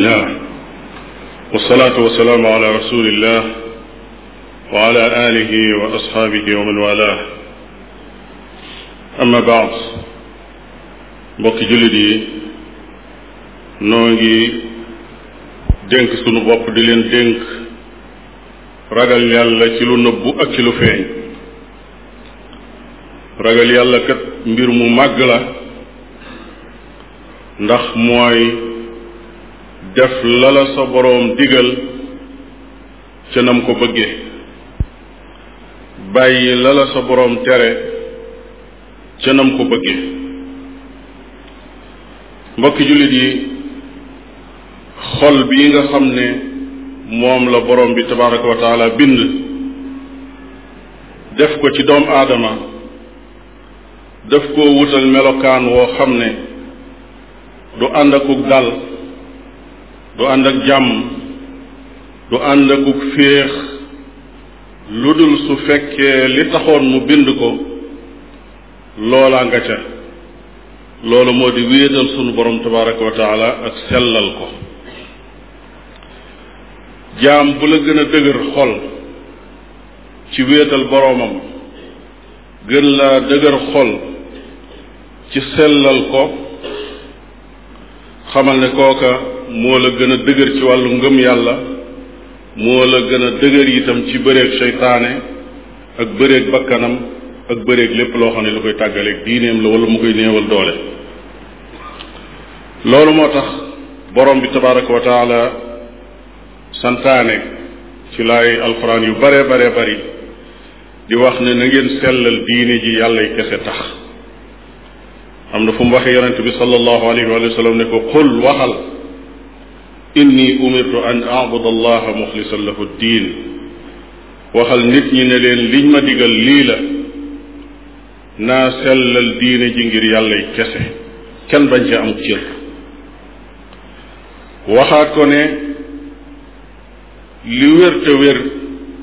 lah wasalaatu wasalaamu ala rasulillah wa ala alihi wa asxaabihi wa man wala amma baad mbokki jullit yi noo ngi dénk sunu bopp di leen dénk ragal yàlla ci lu nëbbu ak ci lu feeñ ragal yàlla kat mbir mu màgg la ndax mooy def la la sa boroom digal ca ko bëggee bàyyi la la sa boroom tere ca ko bëggee mbokki jullit yi xol bi nga xam ne moom la boroom bi tabaraka wa bind def ko ci doomu aadama daf koo wutal melokaan woo xam ne du ànd akuk dal du ànd ak jàmm du ànd akuk féex lu dul su fekkee li taxoon mu bind ko loola nga ca loolu moo di wéetal sunu borom tabaraka wa ak sellal ko jaam bu la gën a dëgër xol ci wéetal boroomam gën laa dëgër xol ci sellal ko xamal ne kooka moo la gën a dëgër ci wàllu ngëm yàlla moo la gën a dëgër itam ci bëreeg seytaane ak bëreeg bakkanam ak bëreeg lépp loo xam ne lu koy tàggaleeg diineem la wala mu koy néewal doole loolu moo tax borom bi tabaraka wa taala santaane ci laay alquran yu bare bare bari di wax ne na ngeen sellal diine ji yàllay kese tax am na fu mu waxee yonent bi sallallahu alayhi wa sallam ne ko qul waxal inni umirtu an abud allaha muxlisan lahu diin waxal nit ñi ne leen liñ ma digal lii la naa sellal diine ji ngir yàllay kese kenn bañ ci am cër waxaat ko ne li wér te wér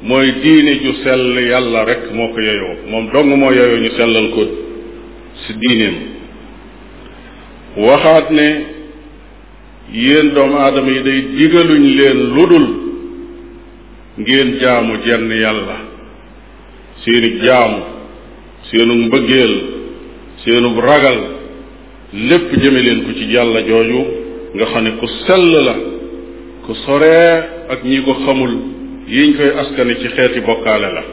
mooy diine ju sell yàlla rek moo ko yeyoo moom dong moo yeyoo ñu sellal ko si diineem waxaat ne yéen doomu aadama yi day digaluñ leen ludul ngeen jaamu jenn yàlla seenu jaamu seenu mbëggeel seenu ragal lépp jëme leen ko ci yàlla jooju nga xam ne ku sell la ku soree ak ñi ko xamul yiñ koy askane ci xeeti bokkaale la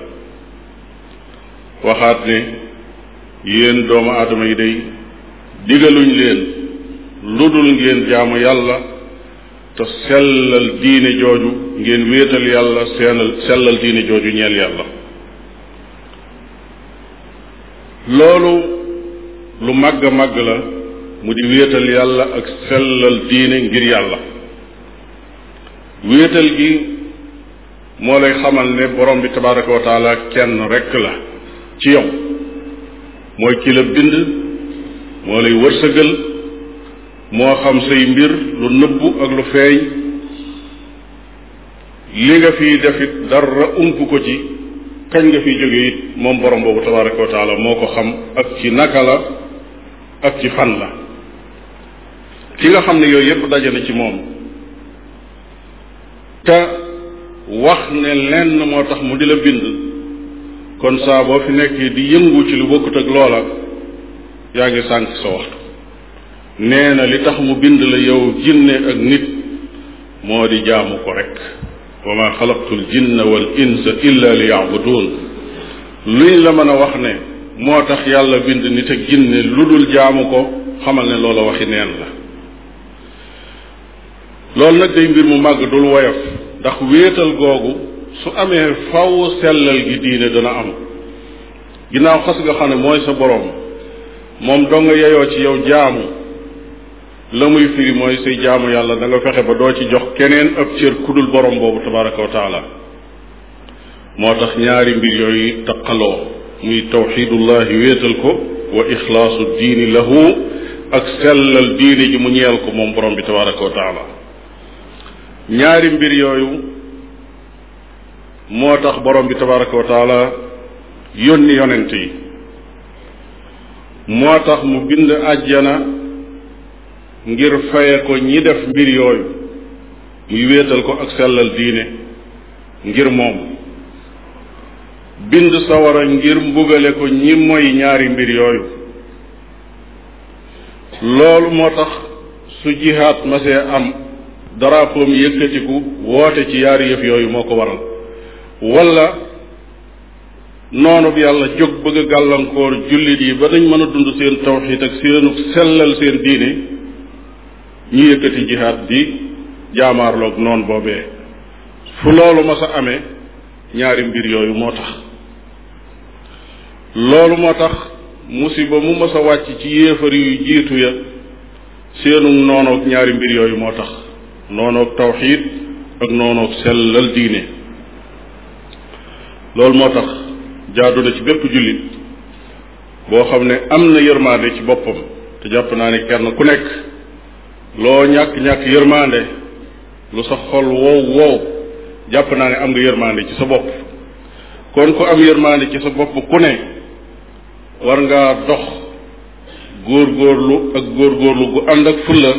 waxaat ne yéen doomu adama yi day digaluñ leen lu dul ngeen jaamu yàlla te sellal diine jooju ngeen wéetal yàlla seenal sellal diine jooju ñeel yàlla loolu lu màgg a màgg la mu di wéetal yàlla ak sellal diine ngir yàlla wéetal gi moo lay xamal ne borom bi tabaraka wa taala kenn rekk la ci yow mooy ki la bind moo lay wërsëgal moo xam say mbir lu nëbbu ak lu feeñ li nga fiy def it dara ump ko ci kañ nga fiy jóge it moom borom boobu tabaraka wa taala moo ko xam ak ci naka la ak ci fan la ki nga xam ne yooyu yépp daje ci moom te wax ne lenn moo tax mu di la bind kon saa boo fi nekkee di yëngu ci lu bokkut ak loola yaa ngi sànq sa waxtu nee na li tax mu bind la yow jinne ak nit moo di jaamu ko rek wa ma xalaqtul jinna wal insa illa li yaabuduun luñ la mën a wax ne moo tax yàlla bind nit ak jinne lu dul jaamu ko xamal ne loola waxi neen la loolu nag day mbir mu màgg dul woyof ndax wéetal googu su amee faw sellal gi diine dana am ginnaaw xas nga xam ne mooy sa boroom moom doo nga yeyoo ci yow jaamu la muy firi mooy say jaamu yàlla da fexe ba doo ci jox keneen ab cër kudul borom boobu tabaraka wa taala moo tax ñaari mbir yooyu taqaloo muy tawxidullahi wéetal ko wa ixlaasu diini lahu ak sellal diine ji mu ñeel ko moom borom bi tabaraka wa taala ñaari mbir yooyu moo tax borom bi tabaraka wa taala yónni yonent yi moo tax mu bind àjjana ngir faye ko ñi def mbir yooyu muy wéetal ko ak sellal diine ngir moom bind sawara ngir mbugale ko ñi moy ñaari mbir yooyu loolu moo tax su jihaat masee am daraapoom yëkkatiku woote ci yaari yëf yooyu moo ko waral wala noonu bi yàlla jóg bëgg gàllankoor jullit yi ba nañ mën a dund seen tawxiit ak seenu sellal seen diine ñu yëkkati jihaad di jaamaarloog noonu boobee fu loolu ma sa amee ñaari mbir yooyu moo tax loolu moo tax musiba mu mas a wàcc ci yéefar yu jiitu ya seenum noonoog ñaari mbir yooyu moo tax noonoog tawxiid ak noonoog sellal diine loolu moo tax jaadu na ci bépp jullit boo xam ne am na yërmaande ci boppam te jàpp naa ne kenn ku nekk loo ñàkk-ñàkk yërmande lu sa xol wow wow jàpp naa ne am nga yërmande ci sa bopp kon ko am yërmande ci sa bopp ku ne war ngaa dox góorlu ak góor góorlu gu ànd ak fulla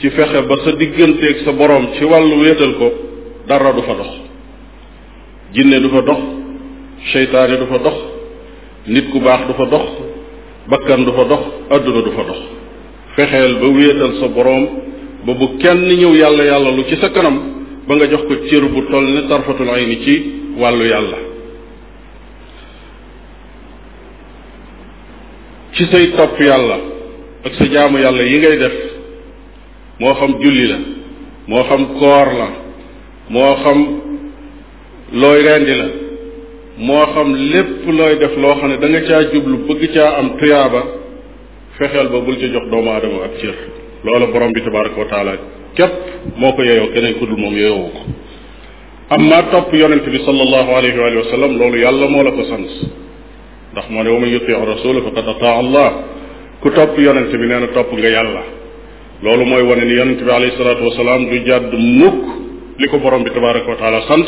ci fexe ba sa digganteeg sa borom ci wàllu wéetal ko dara du fa dox jinne du fa dox seytaane du fa dox nit ku baax du fa dox bakkan du fa dox àdduna du fa dox fexeel ba wéetal sa boroom ba bu kenn ñëw yàlla yàlla lu ci sa kanam ba nga jox ko cër bu toll ne tarfatul ayni ci wàllu yàlla ci say topp yàlla ak sa jaamu yàlla yi ngay def moo xam julli la moo xam koor la moo xam looy rendi la moo xam lépp looy def loo xam ne danga nga caa jublu bëgg caa am tuyaaba fexeel ba bul ci jox doomu aadama ak cër loola borom bi tabaraka wa taala képp moo ko yeyoo keneen ku dul moom yeyoowu ko amma topp yonente bi sallallahu alayhi ko ndax moo ne wa man yutiu rasula allah ku topp yonente bi nee na topp nga yàlla loolu mooy wone ni yonente bi alayhi salaatu wasalaam du jàdd mukk li ko borom bi tabaraka wa taala sant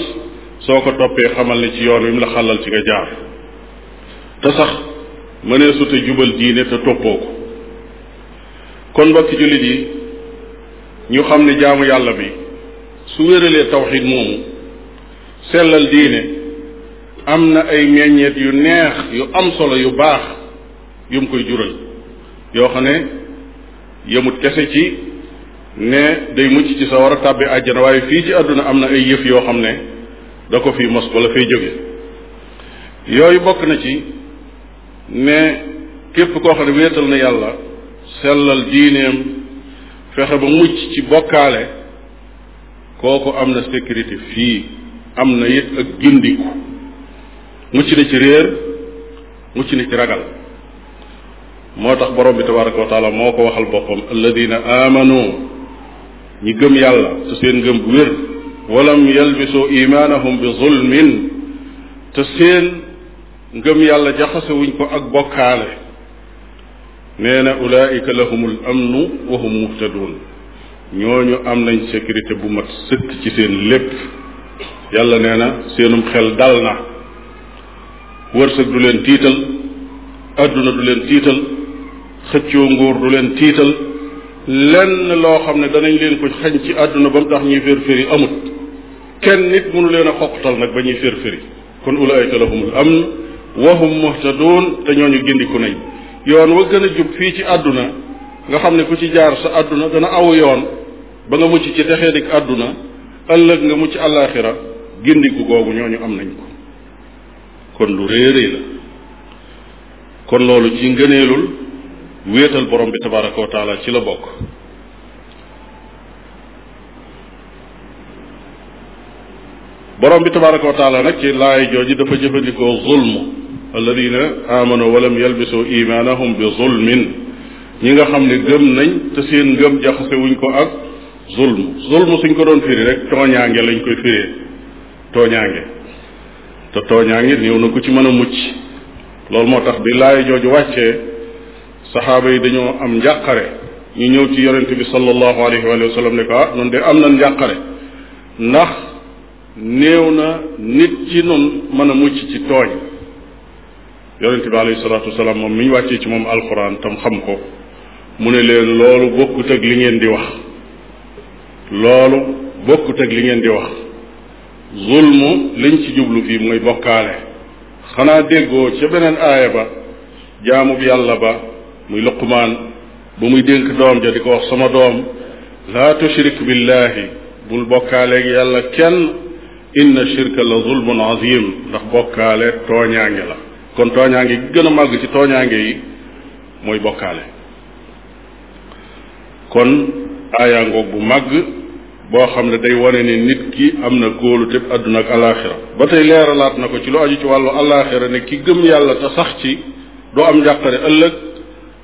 soo ko toppee xamal ne ci yoon wi mu la xalal ci nga jaar te sax mënee su te jubal diine te toppoo ko kon mbokki jullit yi ñu xam ne jaamu yàlla bi su wéralee tawxid moomu sellal diine am na ay meññeet yu neex yu am solo yu baax yu mu koy jural yoo xam ne yëmut kese ci ne day mucc ci sa war a tàbbi àjjana waaye fii ci àdduna am na ay yëf yoo xam ne da ko fii mos bala fay jóge yooyu bokk na ci ne képp koo xam ne wéetal na yàlla sellal diineem fexe ba mucc ci bokkaale kooku am na sécurité fii am na it ak gindiku mucc na ci réer mucc na ci ragal moo tax borom bi tabaraka wa moo ko waxal boppam alladina amanu ñi gëm yàlla te seen ngëm gu wér walam yalbisu imaanahum bi zulmin te seen ngëm yàlla jaxasewuñ ko ak bokkaale nee na ulaayika lahumul amnu wa hum muhtadun ñooñu am nañ sécurité bu mat sëkk ci seen lépp yàlla nee na seenum xel dal na wërsëg du leen tiital àdduna du leen tiital xëccoo nguur du leen tiital lenn loo xam ne danañ leen ko xañ ci àdduna ba mu tax ñuy férféri amut kenn nit mënu leen a xoqtal nag ba ñuy férféri kon ulaayika am amn wa hum muhtadun te ñooñu gindiku nañ yoon wa gën a jub fii ci àdduna nga xam ne ku ci jaar sa àdduna dana aw yoon ba nga mucc ci texee dik àdduna ëllëg nga mucc àllaaxira gindiku googu ñooñu am nañ ko kon lu réeréy la kon loolu ci ngëneelul wéetal borom bi tabaraka wa ci la bokk borom bi tabaraka wa taala nag ci laay jooju dafa jëfandikoo zulm alladina amanu walam yalbisu imaanahum bi zulmin ñi nga xam ne gëm nañ te seen ngëm jaxase wuñ ko ak zulm zulm suñ ko doon firi rek tooñaange lañ koy firee tooñaange te tooñaange néew na ku ci mën a mucc loolu moo tax bi laay jooju wàccee saxaaba yi dañoo am njàqare ñu ñëw ci yonente bi sallallahu alayhi wa sallam ne ko ah noonu de am na njàqare ndax néew na nit ci nun mën a mucc ci tooñ yonente bi alayhi salaatu wasalaam moom mi ñu wàccee ci moom alquran tam xam ko mu ne leen loolu bokkut li ngeen di wax loolu bokkuteg li ngeen di wax zulmu liñ ci jublu fii mooy bokkaale xanaa déggoo ca beneen aaya ba jaamu bi yàlla ba muy luqumaan ba muy dénk doom ja di ko wax sama doom laa tushrik billahi bul bokkaaleeg yàlla kenn inna shirka la zulmun azim ndax bokkaale tooñaange la kon tooñaange gi gën a màgg ci tooñaange yi mooy bokkaale kon aayaa ngoog bu màgg boo xam ne day wane ne nit ki am na góolu tépp àdduna ak alaaxira ba tey leeralaat na ko ci lu aju ci wàllu alaaxira ne ki gëm yàlla te sax ci doo am njàqare ëllëg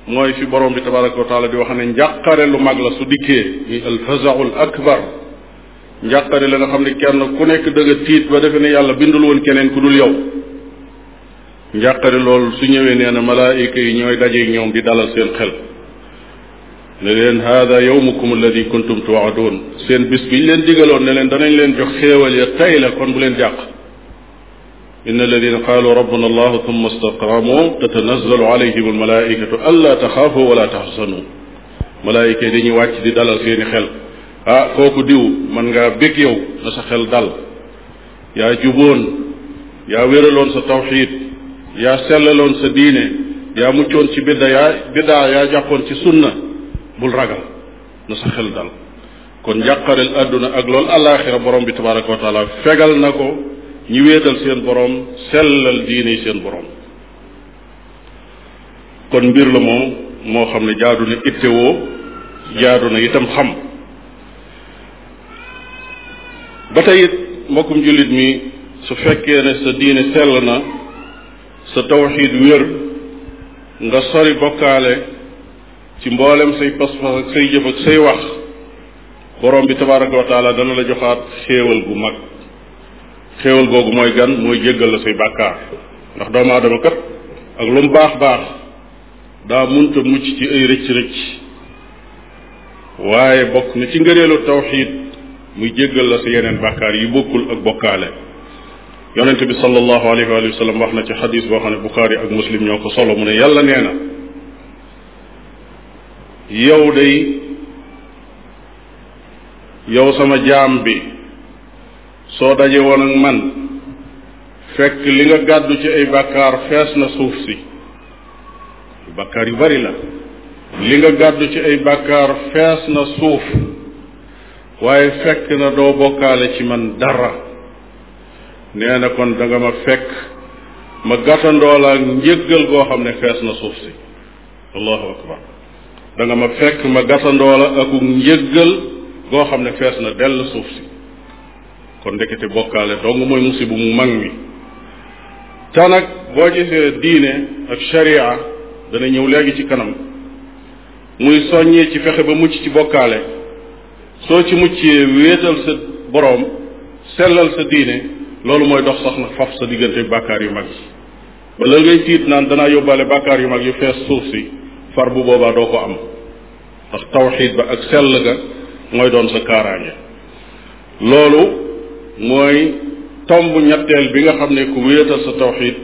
mooy fi borom bi tabaraka wa taala di wax ne njàqare lu mag la su dikkee ni alfazaul akbar njàqare la nga xam ne kenn ku nekk dëgg tiit ba defe ne yàlla bindul woon keneen ku dul yow njàqare lool su ñëwee nee na malaayika yi ñooy dajeeg ñoom di dalal seen xel ne leen haada yawmukum alladi kuntum tuwaadoon seen bis biñ leen digaloon ne leen danañ leen jox xéewal ya tey kon bu leen jàq in alladina qaalu rabbuna allah thumma istaqaamu tatanazzalu alayhim almalaaikatu alla taxaafu wala taxsanu malaayika yi dañuy wàcc di dalal seeni xel ah kooku diw man ngaa bég yow na sa xel dal yaa juboon yaa wéraloon sa tawxiid yaa sellaloon sa diine yaa muccoon ci bidda yaa biddaa yaa jàppoon ci sunna bul ragal na sa xel dal kon njàqareel àdduna ak loolu àllaaxira boroom bi tabaraka wa fegal na ko ñi wéetal seen boroom sellal diine yi seen borom kon mbir la moom moo xam ne jaadu na ittewoo jaadu na itam xam ba tey mbokkum jullit mi su fekkee ne sa diine sell na sa tawxiid wér nga sori bokkaale ci mboolem say pas-pas ak say jëf ak say wax borom bi tabaraka wa taala dana la joxaat xéewal bu mag xéewal googu mooy gan mooy jéggal la say bàkkaar ndax doomu aadama kat ak lu mu baax baax daa munta mucc ci ay rëcc-rëcc waaye bokk na ci ngëneelu tawxiid muy jéggal la sa yeneen bàkkaar yi bokkul ak bokkaale yonent bi sallallahu alayhi wa sallam wax na ci xadis boo xam ne Bukhari ak Muslim ñoo ko solo mu ne yàlla nee na yow day yow sama jaam bi soo daje woon ak man fekk li nga gàddu ci ay bàkkaar fees na suuf si bàkkaar yu bari la li nga gàddu ci ay bakkaar fees na suuf waaye fekk na doo bokkaale ci man dara nee na kon danga ma fekk ma gàttandoo la ak njëggal goo xam ne fees na suuf si allahu akbar danga ma fekk ma gàttandoo la njëggal goo xam ne fees na dell suuf si kon ndekete bokkaale dong mooy musibu mu mag mi te boo gisee diine ak sharia dana ñëw léegi ci kanam muy soññee ci fexe ba mucc ci bokkaale soo ci muccee wéetal sa boroom sellal sa diine loolu mooy dox sax nag faf sa diggante bàkkaar yu mag yi wala ngay tiit naan danaa yóbbaale bàkkaar yu mag yu fees suuf si far bu boobaa doo ko am ndax tawxiid ba ak sell ga mooy doon sa kaaraange loolu mooy tomb ñetteel bi nga xam ne ku wéetal sa tawxiid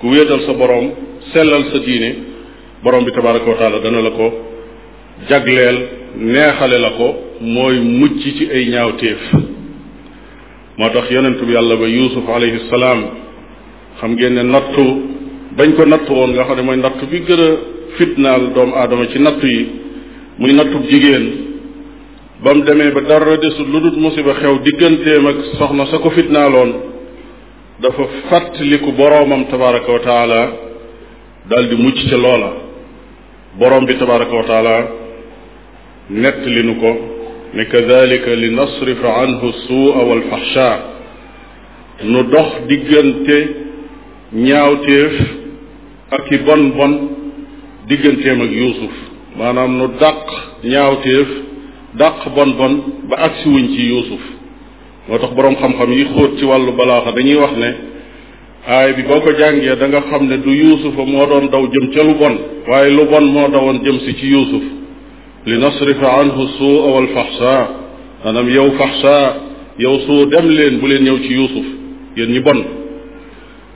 ku wéetal sa boroom sellal sa diine boroom bi tabaraka wa taala dana la ko jagleel neexale la ko mooy mucc ci ay ñaawteef moo tax yonentu yàlla ba yusuf alayhi salaam xam ngeen ne nattu bañ ko nattu woon nga xam ne mooy nattu bi gën a fitnaal doomu aadama ci nattu yi muy nattu jigéen ba mu demee ba dara desul lu dul musiba xew digganteem ak soxna sa ko fitnaaloon dafa fàttaliku boroomam tabaraka wa dal di mucc ca loola boroom bi tabaraka wa taala ko ne kadalika li an anhu suua walfaxsha nu dox diggante ñaawteef ak i bon bon digganteem ak yuusuf maanaam nu dàq ñaawteef dàq bon bon ba agsi wuñ ci yuusuf moo tax boroom xam-xam yi xóot ci wàllu balaaxa dañuy wax ne aay bi boo ko jàngee danga xam ne du yuusufa moo doon daw jëm ca lu bon waaye lu bon moo dawoon jëm si ci yuusuf li nasrifa anhu suua walfaxsa maanaam yow faxsa yow suu dem leen bu leen ñëw ci yuusuf yéen ñi bon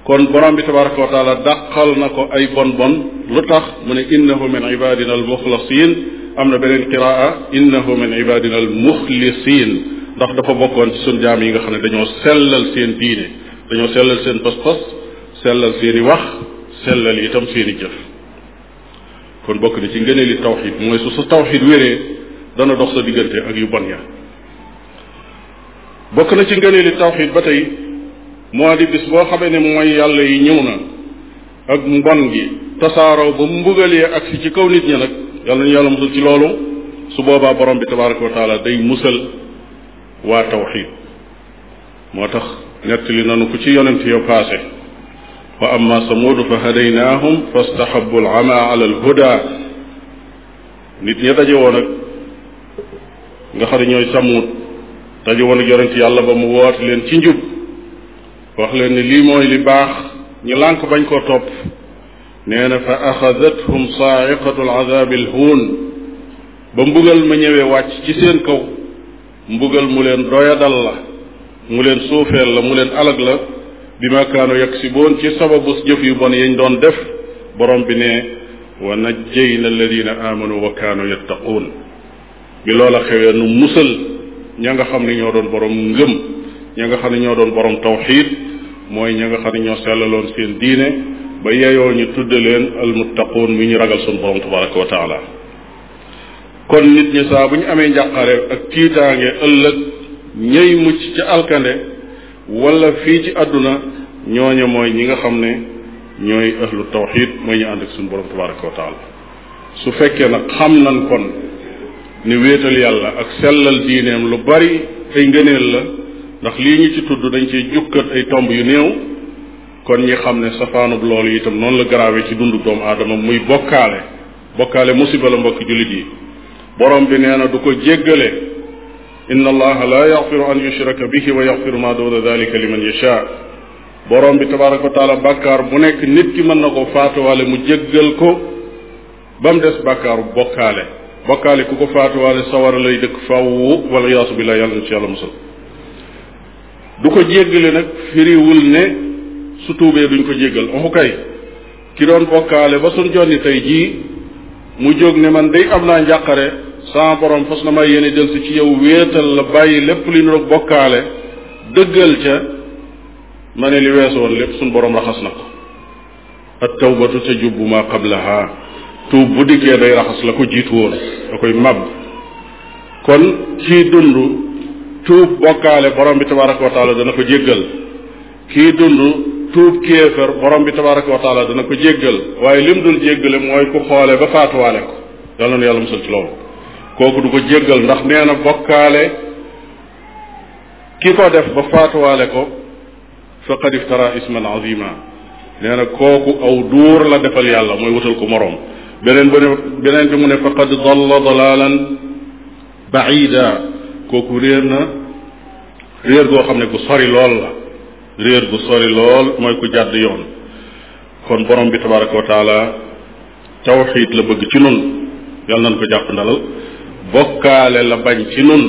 kon borom bi tabaraka wa taala dàqal na ko ay bon bon lu tax mu ne innahu min ibadina al muxlasin am na beneen qiraa innahu min ibadina al muxlisin ndax dafa bokkoon ci sun jaam yi nga xam ne dañoo sellal seen diine dañoo sellal seen pas-pas sellal seen wax sellal itam seen i jëf kon bokk na ci ngëneeli tawxid mooy su sa tawxid wéree dana dox sa diggante ak yu bon ya bokk na ci ngëneeli tawxid ba tey moo di bis boo xamee ne mooy yàlla yi ñëw na ak mbon gi tasaaroo ba mbugalee ak si ci kaw nit ñi nag yàlla ñu yàlla musal ci loolu su boobaa borom bi tabaraka wa taala day musal waa tawxid moo tax nettali nanu ku ci yonent yo paase wa amma samuudu fa hadaynaahum fastahabu alama ala alhuda nit ñi daje ak nga xam ne ñooy samuud daje woon ak yonent yàlla ba mu woote leen ci njub wax leen ni lii mooy li baax ñu lànk bañ koo topp nee na fa axadathum saaiqatu alazaabi alhuun ba mbugal ma ñëwee wàcc ci seen kaw mbugal mu leen doyadal la mu leen suufeel la mu leen alag la bi ma kaanu yaksiboon ci sababu jëf yu bon yañ doon def borom bi ne wa na alladina amanu wa kaanu yattaquun bi loola xewee nu musal ña nga xam ne ñoo doon borom ngëm ña nga xam ne ñoo doon borom tawxiid mooy ña nga xam ne ñoo sellaloon seen diine ba yeyoo ñu tudde leen almuttaquun mi ñu ragal sun borom tabaraka wa kon nit ñi saa bu ñu amee njàqare ak tiitaange ëllëg ñay mucc ca alkande wala fii ci àdduna ñooña mooy ñi nga xam ne ñooy ahlu tawxid mooy ñu ànd ak suñu borom tabaraka wa taala su fekkee nag xam nan kon ni wéetal yàlla ak sellal diineem lu bari ay ngëneel la ndax lii ñu ci tudd dañ cee jukkat ay tomb yu néew kon ñi xam ne safaanub loolu itam noonu la garaawe ci dundu doomu aadama muy bokkaale bokkaale musiba la mbokk jullit yi borom bi nee na du ko jéggale inna allaha la yaxfiru an yushraka bihi wa yaxfiru ma duuna dalika liman yasha borom bi tabaraka wa taala bàkkaar bu nekk nit ki mën na ko faatuwaale mu jéggal ko ba mu des bàkkaaru bokkaale bokkaale ku ko faatuwaale sawara lay dëkk faww wala yaasu billah yàlla na ci yàlla du ko jéggale nag firiwul ne su tuubee duñ ko jéggal oxu kay ki doon bokkaale ba suñ jonni tey jii mu jóg ne man day am naa njàqare sama borom fas na may yéene del ci yow wéetal la bàyyi lépp li nu rog bokkaale dëggal ca ma ne li weesu woon lépp suñ borom raxas na ko at tawbatu te jubbu ma qablaha tuub bu diggee day raxas la ko jiitu woon da koy màbb kon kii dund tuub bokkaale borom bi tabaraka wa taala dana ko jéggal kii dund tuub kéefër borom bi tabaraka wa taala dana ko jéggal waaye lim dul jéggale mooy ku xoole ba faatuwaale ko yàlla na yàlla musal ci loolu kooku du ko jéggal ndax nee na bokkaale ki ko def ba faatuwaale ko faqad iftara isman azima nee na kooku aw duur la defal yàlla mooy wutal ko moroom beneen bi ne beneen bi mu ne faqad dalla dalalan kooku réer na réer goo xam ne gu sori lool la réer gu sori lool mooy ku jàdd yoon kon borom bi tabaraka wa taala tawxiid la bëgg ci nun yàlla nañ ko jàpp ndalal bokkaale la bañ ci nun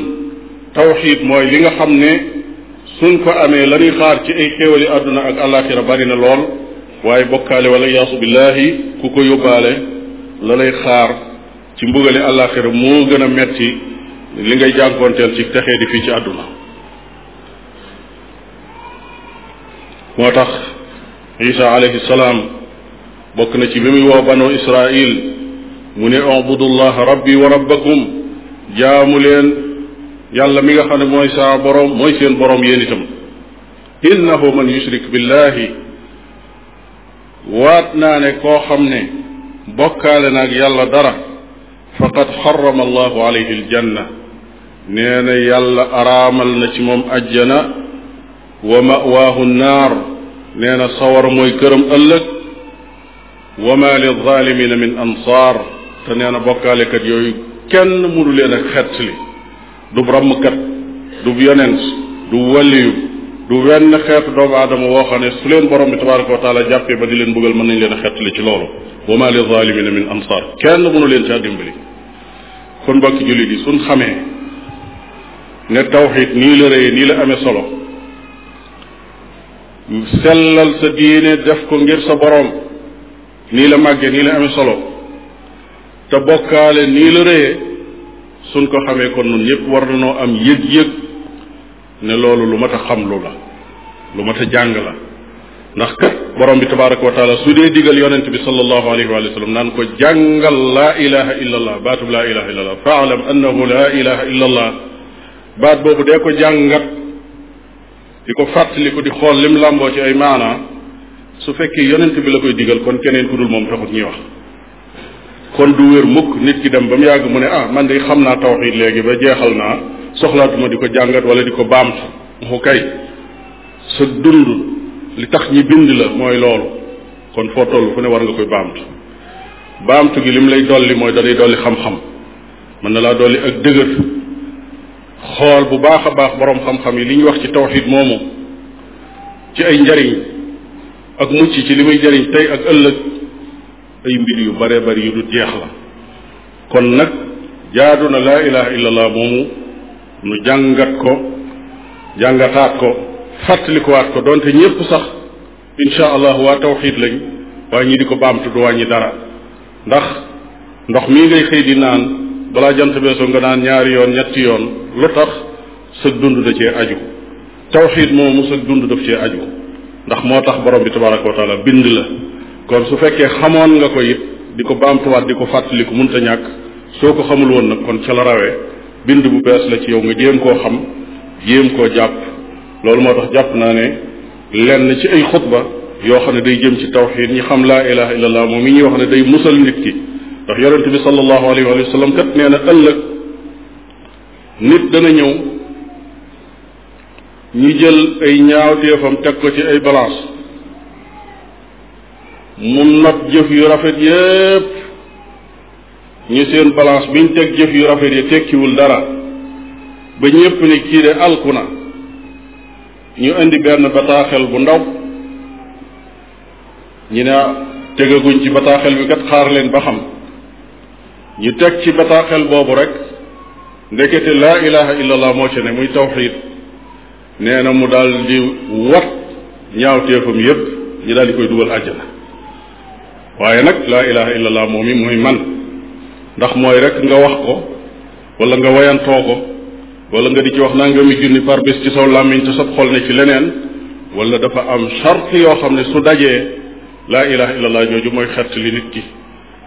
tawxiid mooy li nga xam ne suñ ko amee la ñuy xaar ci ay xéewali àdduna ak àllaaxira bari na lool waaye bokkaale wala yaasu billaahi ku ko yóbbaale la xaar ci mbugale àllaaxira moo gën a metti li ngay jànkoonteel ci texee di fii ci àdduna moo tax isa alayhi salaam bokk na ci bi muy woo banu israil mu ne ubudullaha rabbi wa rabbakum jaamu leen yàlla mi nga xam ne mooy saa borom mooy seen borom yéen itam innahu man yushrik billahi waat naa ne koo xam ne bokkaale naag yàlla dara faqad xarama allahu alayhi aljanna nee na yàlla araamal na ci moom ajjana wa mawaahu naar nee na sawar mooy këram ëllëg wa ma lilzalimina min ansaar te nee na bokkaalekat yooyu kenn mënu leen a xettali du ràmmkat du yonent du waliyu du wenn xeetu doomu aadama woo xam ne su leen borom bi tabaraka wa taala jàppee ba di leen bëggal mën nañ leen a xettali ci loolu wa ma li zalimina min ansar kenn mënu leen caa dimbali kon mbokki jullit yi suñ xamee ne tawxid nii la rëy nii la amee solo sellal sa diine def ko ngir sa borom nii la màggee nii la amee solo te bokkaale nii la réyee suñ ko xamee kon nun ñëpp war nanoo am yëg-yëg ne loolu lu mat a xamlu la lu mat a jàng la ndax kat borom bi tabaraka wa taala su dee digal yonent bi sallallahu alayhi wa sallam naan ko jàngal laa ilaha illa allah baatub laa ilaha illa allah faalam annahu laa ilaha illa baat boobu dee ko jàngat di ko ko di xool lim làmboo ci ay maanaa su fekkee yonent bi la koy digal kon keneen ku dul moom taxut ñuy wax kon du wér mukk nit ki dem ba mu yàgg mu ne ah man de xam naa tawxiid léegi ba jeexal naa soxlaatuma di ko jàngat wala di ko baamtu mu kay sa dund li tax ñi bind la mooy loolu kon foo toll fu ne war nga koy baamtu baamtu gi lim lay dolli mooy dalay dolli xam-xam mën na laa dolli ak dëgër xool bu baax a baax boroom xam-xam yi li ñu wax ci tawxiid moomu ci ay njariñ ak mucc ci li muy jariñ tey ak ëllëg ay mbir yu bare bari yu du jeex la kon nag jaadu na laa ilaha illallah moomu nu jàngat ko jàngataat ko fàttalikuwaat ko donte ñépp sax insha allah waa tawxiid lañ waaye ñi di ko baamtu du wàññi dara ndax ndox mii ngay xëy di naan balaa jant beesoo nga naan ñaari yoon ñetti yoon lu tax sa dund da cee aju tawxiid moomu sa dund daf cee aju ndax moo tax borom bi tabaraka wa bind la kon su fekkee xamoon nga ko it di ko baamtuwaat di ko fàttaliku munta ñàkk soo ko xamul woon nag kon ca la rawee bind bu bees la ci yow nga jéem koo xam jéem koo jàpp loolu moo tax jàpp naa ne lenn ci ay xutba yoo xam ne day jëm ci tawxiid ñi xam laa ilaha illallah moom mi ñuy wax ne day musal nit ki ndax yonent bi sallallahu alayhi wa sallam kat nee na ëllëg nit dana ñëw ñi jël ay ñaawteefam teg ko ci ay balance mu not jëf yu rafet yépp ñu seen balance biñ teg jëf yu rafet yi tekkiwul dara ba ñépp ne kii de alku na ñu indi benn bataaxel bu ndaw ñu ne tegaguñ ci bataaxel bi kat xaar leen ba xam ñu teg ci bataaxel boobu rek ndekete laa ilaha illallah moo ci ne muy tawxiid nee na mu daal di wat ñaawteefam yépp ñu daal di koy dugal àjjana waaye nag laa ilaha illallah moom yi mooy man ndax mooy rek nga wax ko wala nga wayantoo ko wala nga di ci wax nangami junni par bés ci saw làmmiñ te sab xol ne ci leneen wala dafa am charte yoo xam ne su dajee laa ilaha illallah jooju mooy xett li nit ki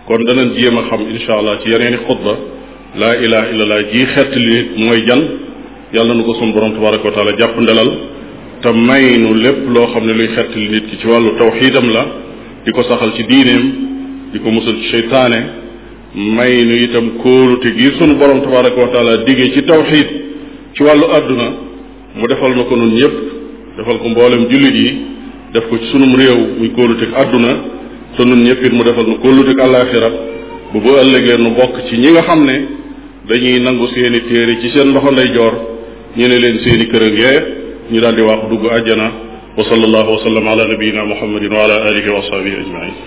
kon danañ jéem a xam incha allah ci yeneeni xutba laa ilaha illallah jii xett li nit mooy jan yàlla nu ko sunu borom tabaraka wa jàpp ndelal te may nu lépp loo xam ne luy xett li nit ki ci wàllu tawxiidam la di ko saxal ci diineem di ko musal ci seytaane may nu itam kóolute giir sunu borom tabaraka wa taala digee ci tawxid ci wàllu àdduna mu defal na ko nun ñëpp defal ko mbooleem jullit yi def ko ci sunum réew muy kóoluteg àdduna te nun ñëpp it mu defal nu kóoluteg àllaaxira bu bu ëllëgee nu bokk ci ñi nga xam ne dañuy nangu seeni téere ci seen loxo ndeyjoor ñu ne leen seeni kër a ngee ñu daal di wax dugg àjjana wa sallallahu wa sallam ala nabiyina muhammadin wa ala alihi wa ashabihi ajmain